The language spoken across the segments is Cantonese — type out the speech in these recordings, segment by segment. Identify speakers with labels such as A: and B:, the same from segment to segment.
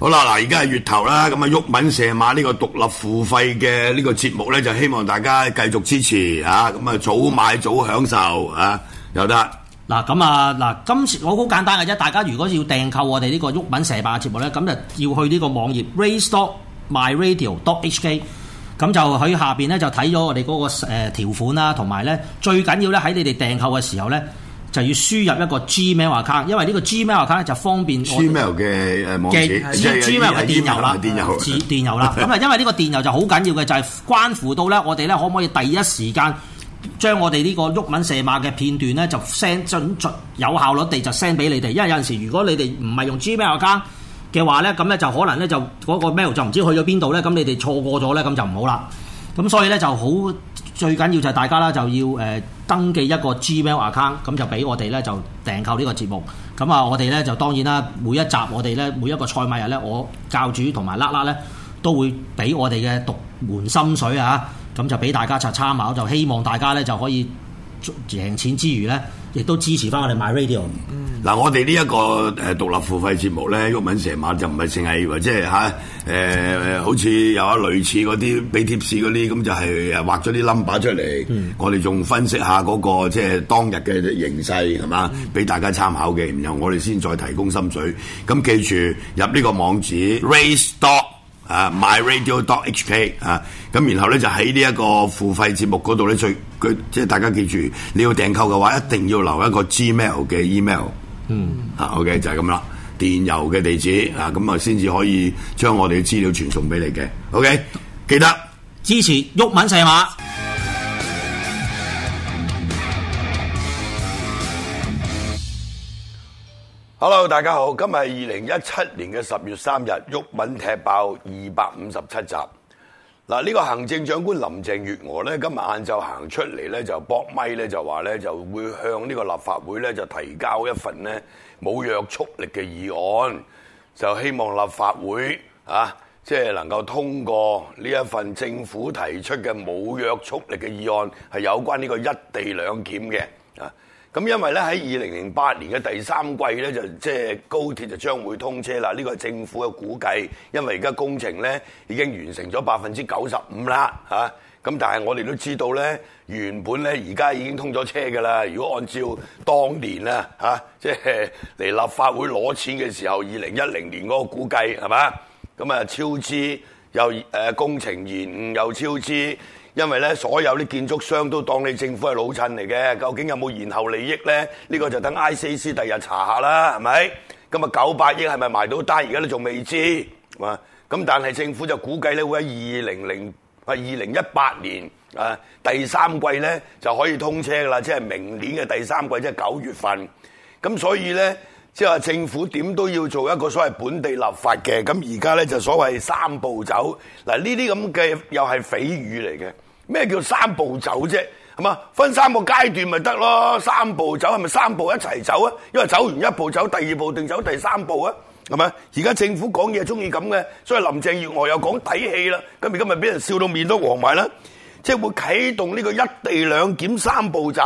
A: 好啦，嗱，而家係月頭啦，咁啊，毓民蛇馬呢個獨立付費嘅呢個節目咧，就希望大家繼續支持，咁啊早買早享受啊，有得
B: 嗱，咁啊嗱，今次我好簡單嘅啫，大家如果要訂購我哋呢個毓民蛇馬嘅節目咧，咁就要去呢個網頁 raystock.myradio.hk，咁就喺下邊咧就睇咗我哋嗰個誒條款啦，同埋咧最緊要咧喺你哋訂購嘅時候咧。就要輸入一個 Gmail account，因為呢個 Gmail account 就方便。Gmail
A: 嘅誒網址，Gmail 電郵
B: 啦，電郵啦。咁啊，因為呢個電郵就好緊要嘅，就係關乎到咧，我哋咧可唔可以第一時間將我哋呢個鬱文射碼嘅片段咧，就 send 準準有效率地就 send 俾你哋。因為有陣時，如果你哋唔係用 Gmail account 嘅話咧，咁咧就可能咧就嗰個 mail 就唔知去咗邊度咧，咁你哋錯過咗咧，咁就唔好啦。咁所以咧就好最緊要就係大家啦，就要誒。登記一個 Gmail account，咁就俾我哋咧就訂購呢個節目。咁啊，我哋咧就當然啦，每一集我哋咧每一個賽馬日咧，我教主同埋拉拉咧都會俾我哋嘅獨門心水啊，咁就俾大家擦參考，就希望大家咧就可以。贏錢之餘咧，亦都支持翻我哋 MyRadio、嗯。
A: 嗱、啊，我哋呢一個誒獨立付費節目咧，毓民成晚就唔係淨係，話即係嚇誒，好似有一類似嗰啲俾貼士嗰啲，咁就係誒畫咗啲 number 出嚟。嗯、我哋仲分析下嗰、那個即係、就是、當日嘅形勢係嘛，俾大家參考嘅。然後我哋先再提供心水。咁記住入呢個網址 race dot 啊，myradio.hk 啊。咁然後咧就喺呢一個付費節目嗰度咧最。.佢即係，大家記住，你要訂購嘅話，一定要留一個 Gmail 嘅 email、嗯。嗯，OK 就係咁啦，電郵嘅地址啊，咁啊先至可以將我哋嘅資料傳送俾你嘅。OK，記得支持毓民細馬。Hello，大家好，今日係二零一七年嘅十月三日，毓民踢爆二百五十七集。嗱，呢個行政長官林鄭月娥呢，今日晏晝行出嚟呢，就博咪呢，就話呢，就會向呢個立法會呢，就提交一份呢冇約束力嘅議案，就希望立法會啊，即係能夠通過呢一份政府提出嘅冇約束力嘅議案，係有關呢個一地兩檢嘅。咁因為咧喺二零零八年嘅第三季咧就即係高鐵就將會通車啦，呢個係政府嘅估計。因為而家工程咧已經完成咗百分之九十五啦，嚇。咁但係我哋都知道咧，原本咧而家已經通咗車噶啦。如果按照當年啦嚇，即係嚟立法會攞錢嘅時候，二零一零年嗰個估計係嘛？咁啊超支又誒工程延誤又超支。因為咧，所有啲建築商都當你政府係老襯嚟嘅，究竟有冇延後利益咧？呢個就等 ICC 第日查下啦，係咪？今日九百億係咪埋到單？而家都仲未知，咁但係政府就估計咧，會喺二零零或二零一八年啊第三季咧就可以通車㗎啦，即係明年嘅第三季，即係九月份。咁所以咧。即係政府點都要做一個所謂本地立法嘅。咁而家呢，就所謂三步走，嗱呢啲咁嘅又係匪語嚟嘅。咩叫三步走啫？係嘛，分三個階段咪得咯？三步走係咪三步一齊走啊？因為走完一步走，第二步定走第三步啊？係咪？而家政府講嘢中意咁嘅，所以林鄭月娥又講底氣啦，咁而今日俾人笑到面都黃埋啦。即係會啟動呢個一地兩檢三步走，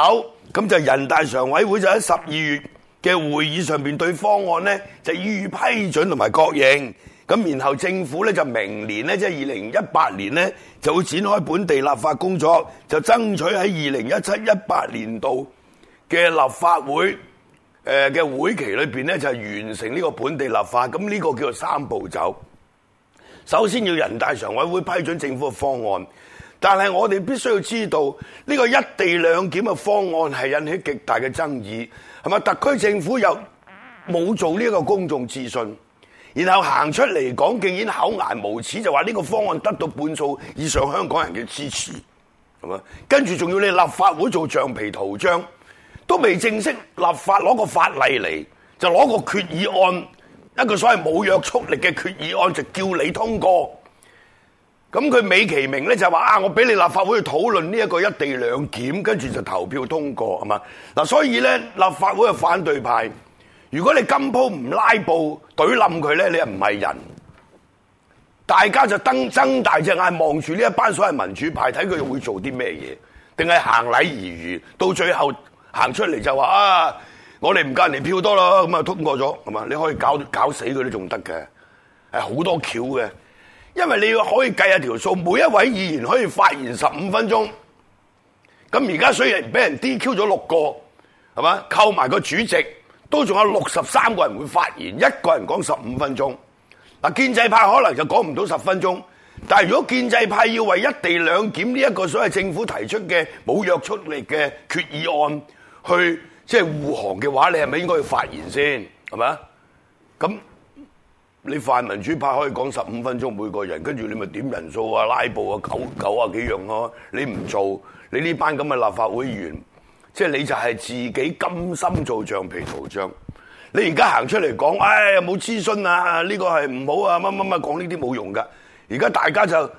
A: 咁就人大常委會就喺十二月。嘅會議上面對方案呢，就予以批准同埋確認，咁然後政府呢，就明年呢，即係二零一八年呢，就會展開本地立法工作，就爭取喺二零一七一八年度嘅立法會嘅會期裏面呢，就完成呢個本地立法，咁、這、呢個叫做三步走。首先要人大常委會批准政府嘅方案，但係我哋必須要知道呢個一地兩檢嘅方案係引起極大嘅爭議。係嘛？特區政府又冇做呢個公眾諮詢，然後行出嚟講，竟然厚顏無恥，就話呢個方案得到半數以上香港人嘅支持，係嘛？跟住仲要你立法會做橡皮圖章，都未正式立法，攞個法例嚟就攞個決議案，一個所謂冇約束力嘅決議案就叫你通過。咁佢美其名咧，就話啊，我俾你立法會去討論呢一個一地兩檢，跟住就投票通過，係嘛？嗱，所以咧立法會嘅反對派，如果你今鋪唔拉布㨃冧佢咧，你又唔係人。大家就瞪增大隻眼望住呢一班所謂民主派，睇佢會做啲咩嘢，定係行禮如儀？到最後行出嚟就話啊，我哋唔夠人哋票多咯，咁啊通過咗，係嘛？你可以搞搞死佢都仲得嘅，係好多橋嘅。因為你要可以計一下條數，每一位議員可以發言十五分鐘，咁而家雖然俾人 DQ 咗六個，係嘛，扣埋個主席，都仲有六十三個人會發言，一個人講十五分鐘。嗱，建制派可能就講唔到十分鐘，但係如果建制派要為一地兩檢呢一個所謂政府提出嘅冇約出力嘅決議案去即係護航嘅話，你係咪應該要發言先？係嘛？咁。你泛民主派可以講十五分鐘每個人，跟住你咪點人數啊、拉布啊、九九啊幾樣咯。你唔做，你呢班咁嘅立法會員，即係你就係自己甘心做橡皮圖章。你而家行出嚟講，唉，冇諮詢啊，呢個係唔好啊，乜乜乜講呢啲冇用噶。而家大家就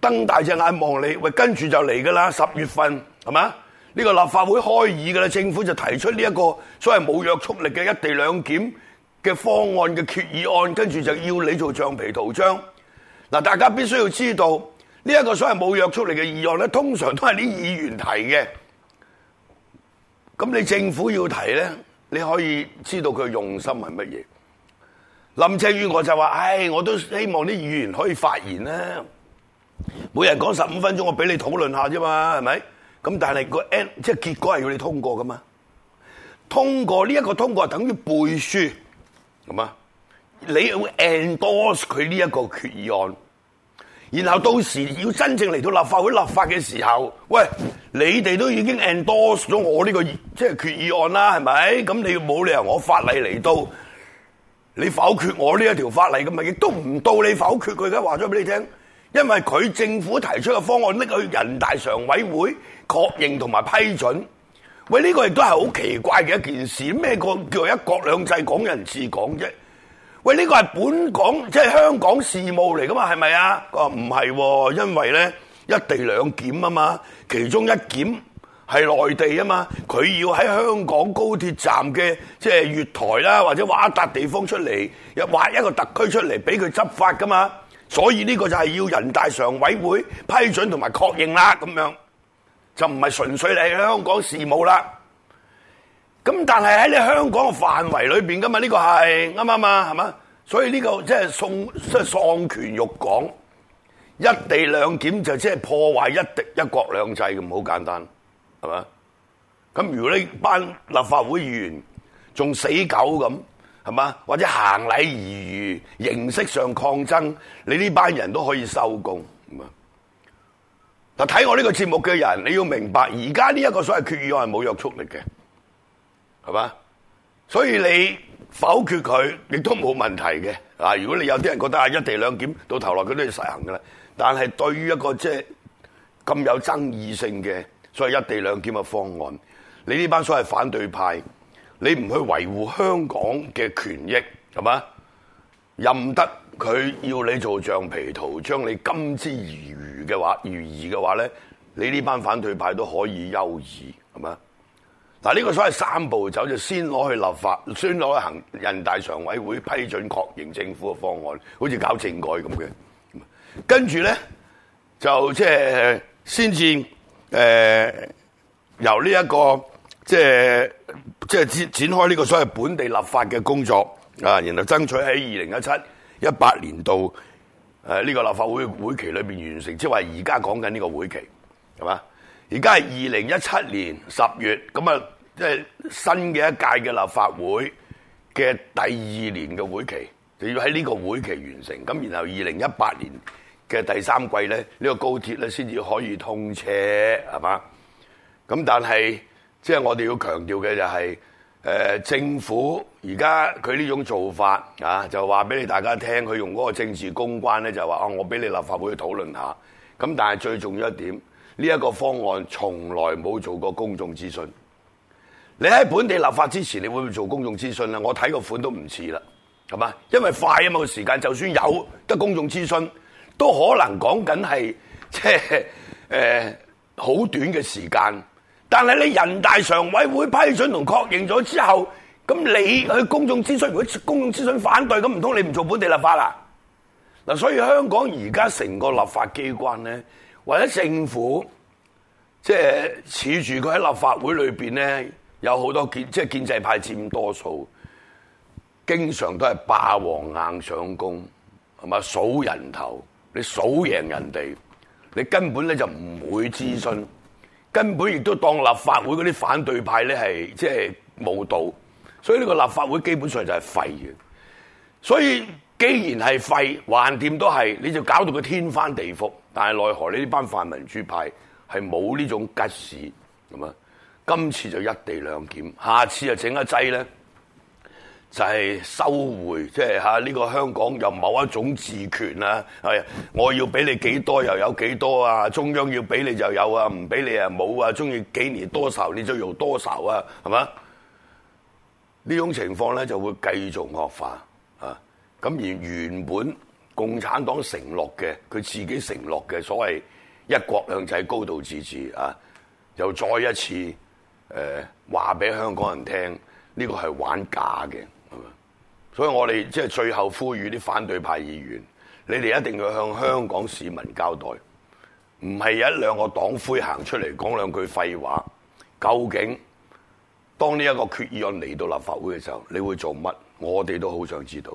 A: 瞪大隻眼望你，喂，跟住就嚟噶啦。十月份係嘛？呢個立法會開議噶啦，政府就提出呢一個所謂冇約束力嘅一地兩檢，嘅方案嘅決議案，跟住就要你做橡皮圖章。嗱，大家必須要知道呢一個所謂冇約出嚟嘅議案咧，通常都係啲議員提嘅。咁你政府要提咧，你可以知道佢用心係乜嘢。林鄭月娥我就話，唉，我都希望啲議員可以發言啦。每人講十五分鐘，我俾你討論下啫嘛，係咪？咁但係個 end 即係結果係要你通過噶嘛？通過呢一個通過，等於背書。咁啊，你要 endorse 佢呢一個決議案，然後到時要真正嚟到立法會立法嘅時候，喂，你哋都已經 endorse 咗我呢個即係決議案啦，係咪？咁你冇理由我法例嚟到，你否決我呢一條法例咁嘛？亦都唔到你否決佢，我話咗俾你聽，因為佢政府提出嘅方案拎去人大常委會確認同埋批准。喂，呢個亦都係好奇怪嘅一件事，咩個叫一國兩制港人治港啫？喂，呢個係本港即係香港事務嚟噶嘛？係咪啊？佢話唔係，喎，因為咧一地兩檢啊嘛，其中一檢係內地啊嘛，佢要喺香港高鐵站嘅即係月台啦，或者劃一笪地方出嚟，又劃一個特區出嚟俾佢執法噶嘛，所以呢個就係要人大常委會批准同埋確認啦咁樣。就唔係純粹嚟香港事務啦，咁但係喺你香港嘅範圍裏邊噶嘛，呢個係啱啱嘛，係嘛？所以呢個即係送即係喪權辱港、一地兩檢就即係破壞一地一國兩制咁，好簡單係嘛？咁如果呢班立法會議員仲死狗咁，係嘛？或者行禮如儀形式上抗爭，你呢班人都可以收工咁啊！嗱，睇我呢個節目嘅人，你要明白，而家呢一個所謂決議案係冇約束力嘅，係嘛？所以你否決佢，亦都冇問題嘅。啊，如果你有啲人覺得啊一地兩檢到頭來佢都要實行噶啦，但係對於一個即係咁有爭議性嘅所謂一地兩檢嘅方案，你呢班所謂反對派，你唔去維護香港嘅權益，係嘛？任唔得。佢要你做橡皮圖章，將你甘之如飴嘅話，如飴嘅話咧，你呢班反對派都可以休矣係咪啊？嗱，呢、這個所謂三步走，就先攞去立法，先攞去行人大常委會批准確認政府嘅方案，好似搞政改咁嘅。跟住咧，就即、就、係、是、先至誒、呃，由呢、這、一個即係即係展展開呢個所謂本地立法嘅工作啊，然後爭取喺二零一七。一八年到誒呢個立法會會期裏邊完成，即係話而家講緊呢個會期係嘛？而家係二零一七年十月咁啊，即係新嘅一屆嘅立法會嘅第二年嘅會期，就要喺呢個會期完成。咁然後二零一八年嘅第三季咧，呢個高鐵咧先至可以通車，係嘛？咁但係即係我哋要強調嘅就係。誒政府而家佢呢種做法啊，就話俾你大家聽，佢用嗰個政治公關咧，就話啊，我俾你立法會去討論下。咁但係最重要一點，呢一個方案從來冇做過公眾諮詢。你喺本地立法之前，你會唔會做公眾諮詢啊？我睇個款都唔似啦，係嘛？因為快啊嘛，個時間就算有得公眾諮詢，都可能講緊係即係誒好短嘅時間。但係你人大常委會批准同確認咗之後，咁你去公眾諮詢，如果公眾諮詢反對，咁唔通你唔做本地立法喇？嗱，所以香港而家成個立法機關咧，或者政府，即係恃住佢喺立法會裏邊咧，有好多建即係建制派佔多數，經常都係霸王硬上弓，係嘛，數人頭，你數贏人哋，你根本咧就唔會諮詢。根本亦都當立法會嗰啲反對派呢，係即係冇道，所以呢個立法會基本上就係廢嘅。所以既然係廢，橫掂都係，你就搞到佢天翻地覆。但係奈何你呢班泛民主派係冇呢種吉事咁啊？今次就一地兩檢，下次就整一劑呢。就係收回，即係嚇呢個香港又某一種自權啦。係，我要俾你幾多又有幾多啊？中央要俾你就有啊，唔俾你啊冇啊。中意幾年多愁，你就用多愁啊，係嘛？呢種情況咧就會繼續惡化啊。咁而原本共產黨承諾嘅，佢自己承諾嘅所謂一國兩制高度自治啊，又再一次誒話俾香港人聽，呢個係玩假嘅。所以我哋即係最後呼籲啲反對派議員，你哋一定要向香港市民交代，唔係一兩個黨魁行出嚟講兩句廢話，究竟當呢一個決議案嚟
B: 到立法會嘅時候，你會做乜？我哋都好想知道。